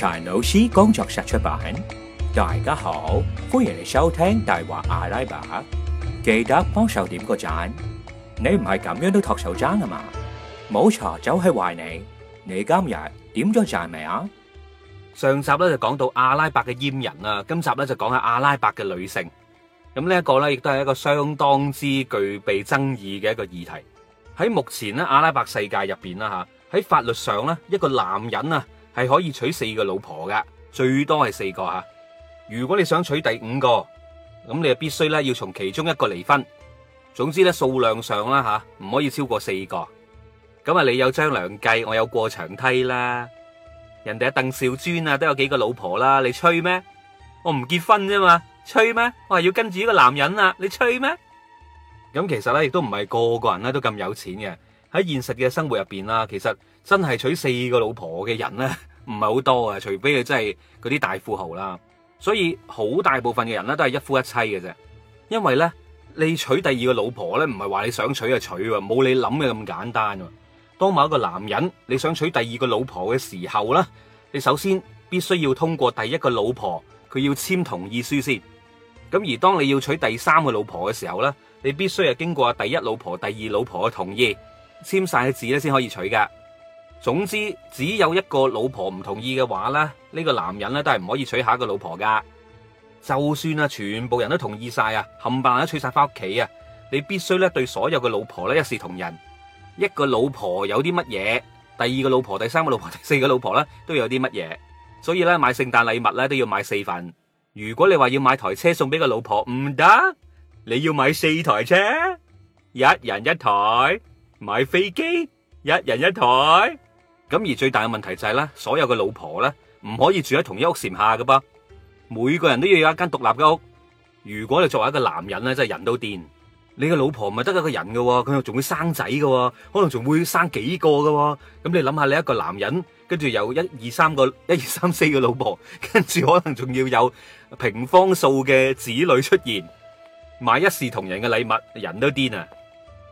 柴老師，工作室出版，大家好，歡迎嚟收聽《大話阿拉伯》。記得幫手點個讚，你唔係咁樣都托手踭啊嘛？冇錯，就係壞你。你今日點咗讚未啊？上集咧就講到阿拉伯嘅閹人啊，今集咧就講下阿拉伯嘅女性。咁呢一個咧，亦都係一個相當之具備爭議嘅一個議題。喺目前咧，阿拉伯世界入邊啦吓，喺法律上咧，一個男人啊，係可以娶四個老婆噶，最多係四個吓。如果你想娶第五個，咁你就必須咧，要從其中一個離婚。總之咧數量上啦，吓，唔可以超過四個。咁啊，你有張良計，我有過牆梯啦。人哋阿鄧兆尊啊都有幾個老婆啦，你吹咩？我唔結婚啫嘛，吹咩？我係要跟住呢個男人啊，你吹咩？咁其實咧亦都唔係個個人咧都咁有錢嘅。喺現實嘅生活入邊啦，其實真係娶四個老婆嘅人呢，唔係好多啊，除非佢真係嗰啲大富豪啦。所以好大部分嘅人呢，都係一夫一妻嘅啫。因為呢，你娶第二個老婆呢，唔係話你想娶就娶喎，冇你諗嘅咁簡單。當某一個男人你想娶第二個老婆嘅時候呢，你首先必須要通過第一個老婆佢要簽同意書先。咁而當你要娶第三個老婆嘅時候呢，你必須係經過第一老婆、第二老婆嘅同意。簽晒嘅字咧，先可以娶噶。總之，只有一個老婆唔同意嘅話咧，呢個男人咧都係唔可以娶下一個老婆噶。就算啊，全部人都同意晒啊，冚唪唥都娶晒翻屋企啊，你必須咧對所有嘅老婆咧一視同仁。一個老婆有啲乜嘢，第二個老婆、第三個老婆、第四個老婆咧都有啲乜嘢，所以咧買聖誕禮物咧都要買四份。如果你話要買台車送俾個老婆唔得，你要買四台車，一人一台。買飛機一人一台，咁而最大嘅問題就係咧，所有嘅老婆咧唔可以住喺同一屋檐下㗎。噃，每個人都要有一間獨立嘅屋。如果你作為一個男人咧，真係人都癲，你嘅老婆唔係得一個人嘅，佢仲會生仔嘅，可能仲會生幾個喎。咁你諗下，你一個男人跟住有一二三個、一二三四個老婆，跟住可能仲要有平方數嘅子女出現，買一視同仁嘅禮物，人都癲啊！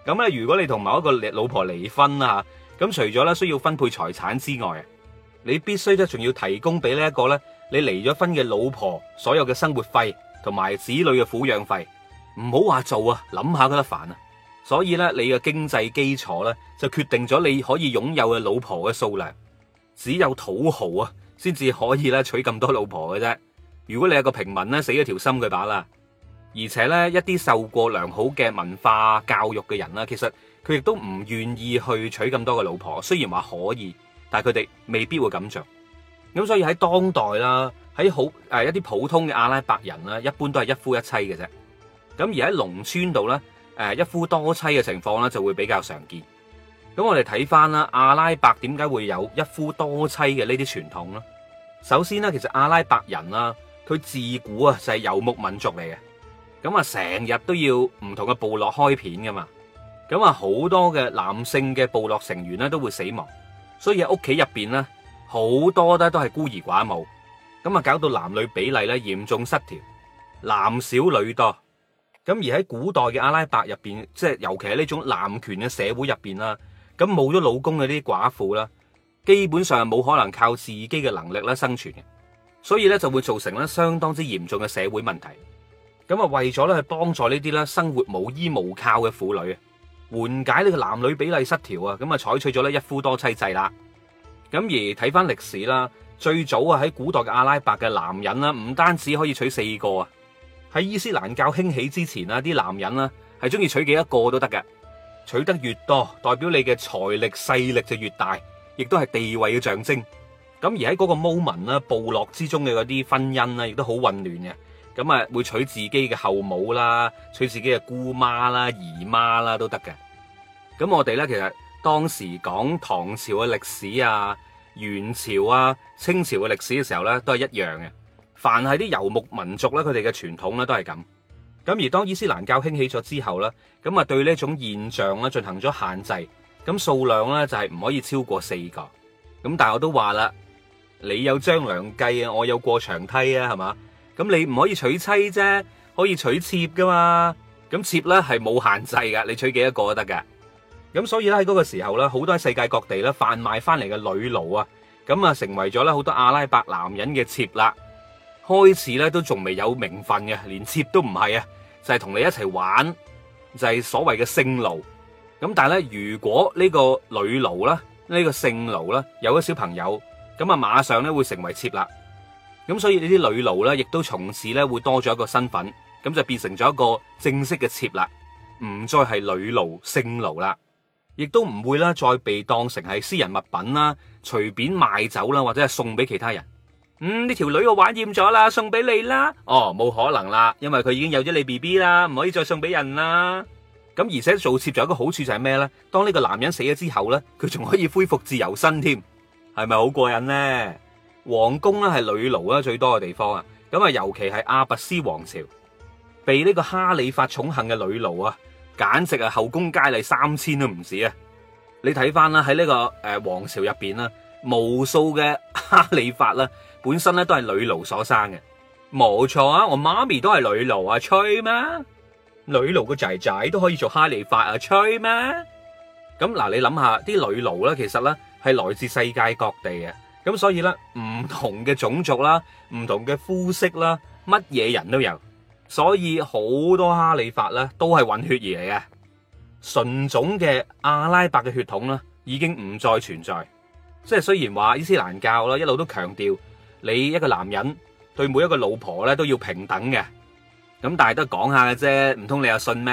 咁咧，如果你同某一個老婆離婚啊，咁除咗咧需要分配財產之外，你必須咧仲要提供俾呢一個呢你離咗婚嘅老婆所有嘅生活費同埋子女嘅撫養費，唔好話做啊，諗下都得煩啊！所以呢，你嘅經濟基礎呢，就決定咗你可以擁有嘅老婆嘅數量，只有土豪啊，先至可以呢，娶咁多老婆嘅啫。如果你係個平民呢，死咗條心佢把啦。而且咧，一啲受過良好嘅文化教育嘅人啦，其實佢亦都唔願意去娶咁多嘅老婆。雖然話可以，但係佢哋未必會咁做。咁所以喺當代啦，喺好一啲普通嘅阿拉伯人啦，一般都係一夫一妻嘅啫。咁而喺農村度咧，一夫多妻嘅情況咧就會比較常見。咁我哋睇翻啦，阿拉伯點解會有一夫多妻嘅呢啲傳統呢？首先呢，其實阿拉伯人啦，佢自古啊就係游牧民族嚟嘅。咁啊，成日都要唔同嘅部落開片噶嘛，咁啊好多嘅男性嘅部落成員咧都會死亡，所以喺屋企入邊咧好多咧都係孤兒寡母，咁啊搞到男女比例咧嚴重失調，男少女多，咁而喺古代嘅阿拉伯入邊，即係尤其係呢種男權嘅社會入邊啦，咁冇咗老公嘅啲寡婦啦，基本上係冇可能靠自己嘅能力咧生存嘅，所以咧就會造成咧相當之嚴重嘅社會問題。咁啊，為咗咧去幫助呢啲咧生活無依無靠嘅婦女，緩解呢個男女比例失調啊，咁啊，採取咗咧一夫多妻制啦。咁而睇翻歷史啦，最早啊喺古代嘅阿拉伯嘅男人啦，唔單止可以娶四個啊，喺伊斯蘭教興起之前啊，啲男人啦係中意娶幾多個都得嘅，娶得越多，代表你嘅財力勢力就越大，亦都係地位嘅象徵。咁而喺嗰個穆民啦、部落之中嘅嗰啲婚姻啊，亦都好混亂嘅。咁啊，會娶自己嘅後母啦，娶自己嘅姑媽啦、姨媽啦都得嘅。咁我哋咧，其實當時講唐朝嘅歷史啊、元朝啊、清朝嘅歷史嘅時候咧，都係一樣嘅。凡係啲游牧民族咧，佢哋嘅傳統咧都係咁。咁而當伊斯蘭教興起咗之後咧，咁啊對呢種現象咧進行咗限制，咁數量咧就係唔可以超過四個。咁但係我都話啦，你有張良計啊，我有過牆梯啊，係嘛？咁你唔可以娶妻啫，可以娶妾噶嘛？咁妾咧係冇限制噶，你娶幾多個都得噶？咁所以咧喺嗰個時候咧，好多世界各地咧販賣翻嚟嘅女奴啊，咁啊成為咗咧好多阿拉伯男人嘅妾啦。開始咧都仲未有名分嘅，連妾都唔係啊，就係同你一齊玩，就係所謂嘅性奴。咁但係咧，如果呢個女奴啦，呢個性奴啦，有咗小朋友，咁啊馬上咧會成為妾啦。咁所以呢啲女奴咧，亦都從此咧會多咗一個身份，咁就變成咗一個正式嘅妾啦，唔再係女奴、性奴啦，亦都唔會啦再被當成係私人物品啦，隨便賣走啦，或者係送俾其他人。嗯，呢條女我玩厭咗啦，送俾你啦。哦，冇可能啦，因為佢已經有咗你 BB 啦，唔可以再送俾人啦。咁而且做妾仲有一個好處就係咩咧？當呢個男人死咗之後咧，佢仲可以恢復自由身添，係咪好過癮咧？皇宮咧係女奴啊最多嘅地方啊，咁啊尤其係阿拔斯王朝，被呢個哈里法寵幸嘅女奴啊，簡直係後宮佳麗三千都唔止啊！你睇翻啦，喺呢、這個誒、呃、王朝入邊啦，無數嘅哈里法啦，本身咧都係女奴所生嘅，冇錯啊！我媽咪都係女奴啊，吹咩？女奴個仔仔都可以做哈利法啊，吹咩？咁嗱，你諗下啲女奴咧，其實咧係來自世界各地啊。咁所以咧，唔同嘅種族啦，唔同嘅膚色啦，乜嘢人都有。所以好多哈里發咧，都係混血兒嚟嘅。純種嘅阿拉伯嘅血統咧，已經唔再存在。即係雖然話伊斯蘭教啦，一路都強調你一個男人對每一個老婆咧都要平等嘅。咁但係都講下嘅啫，唔通你又信咩？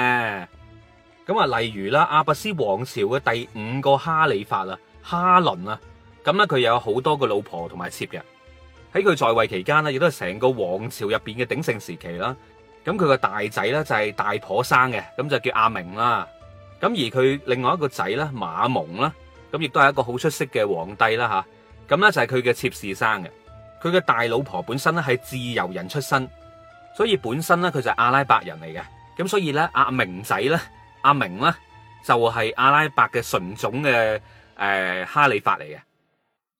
咁啊，例如啦，阿拔斯王朝嘅第五個哈里發啊，哈倫啊。咁咧，佢又有好多個老婆同埋妾嘅，喺佢在位期間咧，亦都係成個王朝入面嘅鼎盛時期啦。咁佢個大仔咧，就係大婆生嘅，咁就叫阿明啦。咁而佢另外一個仔咧，馬蒙啦，咁亦都係一個好出色嘅皇帝啦吓，咁咧就係佢嘅妾侍生嘅。佢嘅大老婆本身咧，係自由人出身，所以本身咧，佢就係阿拉伯人嚟嘅。咁所以咧，阿明仔咧，阿明咧，就係阿拉伯嘅純種嘅誒哈里發嚟嘅。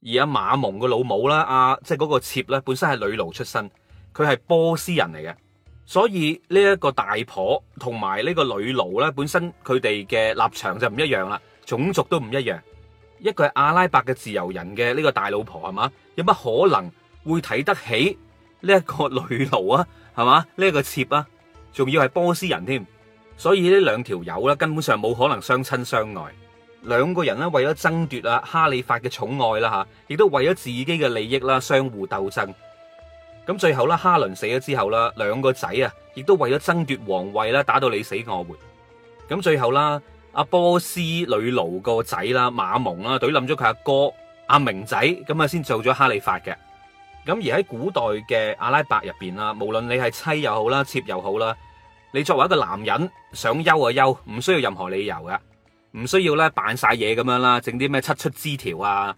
而阿馬蒙個老母啦，啊即係嗰個妾咧，本身係女奴出身，佢係波斯人嚟嘅，所以呢一個大婆同埋呢個女奴咧，本身佢哋嘅立場就唔一樣啦，種族都唔一樣，一個係阿拉伯嘅自由人嘅呢個大老婆係嘛，有乜可能會睇得起呢一個女奴啊，係嘛？呢一個妾啊，仲要係波斯人添，所以呢兩條友咧，根本上冇可能相親相愛。兩個人咧，為咗爭奪啊哈里發嘅寵愛啦吓，亦都為咗自己嘅利益啦，相互鬥爭。咁最後咧，哈倫死咗之後啦，兩個仔啊亦都為咗爭奪皇位啦，打到你死我活。咁最後啦，阿波斯女奴個仔啦，馬蒙啦，懟冧咗佢阿哥阿明仔，咁啊先做咗哈里發嘅。咁而喺古代嘅阿拉伯入邊啦，無論你係妻又好啦，妾又好啦，你作為一個男人想休就休，唔需要任何理由噶。唔需要咧扮晒嘢咁樣啦，整啲咩七出枝條啊，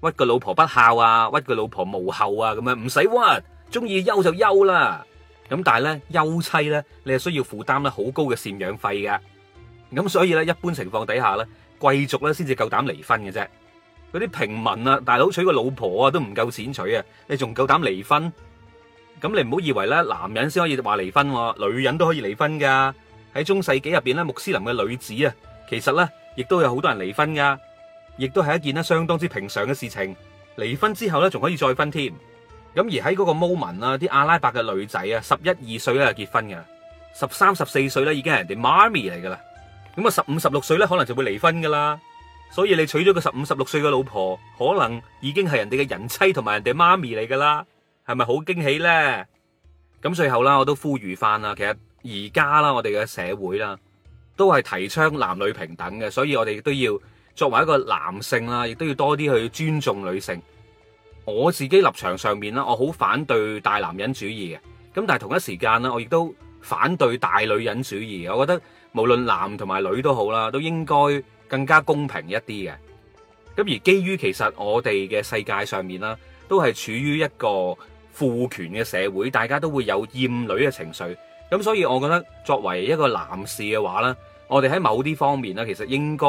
屈個老婆不孝啊，屈個老婆無後啊，咁樣唔使屈，中意休就休啦。咁但係咧，休妻咧，你係需要負擔咧好高嘅贍養費㗎。咁所以咧，一般情況底下咧，貴族咧先至夠膽離婚嘅啫。嗰啲平民啊，大佬娶個老婆啊都唔夠錢娶啊，你仲夠膽離婚？咁你唔好以為咧，男人先可以話離婚，女人都可以離婚噶。喺中世紀入邊咧，穆斯林嘅女子啊，其實咧。亦都有好多人離婚噶，亦都係一件咧相當之平常嘅事情。離婚之後咧，仲可以再婚添。咁而喺嗰個 moment 啊，啲阿拉伯嘅女仔啊，十一二歲咧就結婚噶，十三十四歲咧已經係人哋媽咪嚟噶啦。咁啊，十五十六歲咧可能就會離婚噶啦。所以你娶咗個十五十六歲嘅老婆，可能已經係人哋嘅人妻同埋人哋媽咪嚟噶啦，係咪好驚喜咧？咁最後啦，我都呼籲返啊，其實而家啦，我哋嘅社會啦。都係提倡男女平等嘅，所以我哋亦都要作為一個男性啦，亦都要多啲去尊重女性。我自己立場上面啦，我好反對大男人主義嘅，咁但係同一時間啦，我亦都反對大女人主義。我覺得無論男同埋女都好啦，都應該更加公平一啲嘅。咁而基於其實我哋嘅世界上面啦，都係處於一個父權嘅社會，大家都會有厭女嘅情緒。咁所以我覺得作為一個男士嘅話啦，我哋喺某啲方面咧，其實應該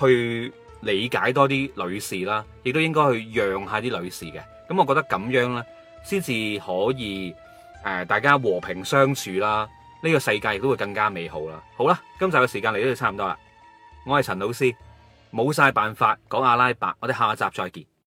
去理解多啲女士啦，亦都應該去讓下啲女士嘅。咁我覺得咁樣咧，先至可以誒大家和平相處啦。呢個世界亦都會更加美好啦。好啦，今集嘅時間嚟到就差唔多啦。我係陳老師，冇晒辦法講阿拉伯。我哋下一集再見。